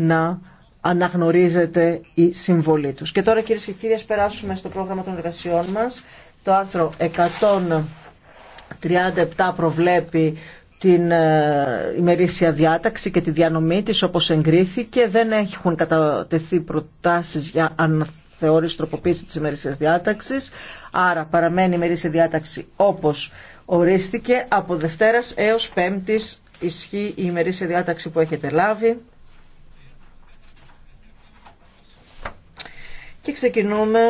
να αναγνωρίζεται η συμβολή τους. Και τώρα κυρίες και κύριοι περάσουμε στο πρόγραμμα των εργασιών μας. Το άρθρο 137 προβλέπει την ε, ημερήσια διάταξη και τη διανομή της όπως εγκρίθηκε. Δεν έχουν κατατεθεί προτάσεις για αναθεώρηση τροποποίηση της ημερήσιας διάταξης. Άρα παραμένει η ημερήσια διάταξη όπως ορίστηκε από Δευτέρας έως Πέμπτης ισχύει η ημερήσια διάταξη που έχετε λάβει. και ξεκινούμε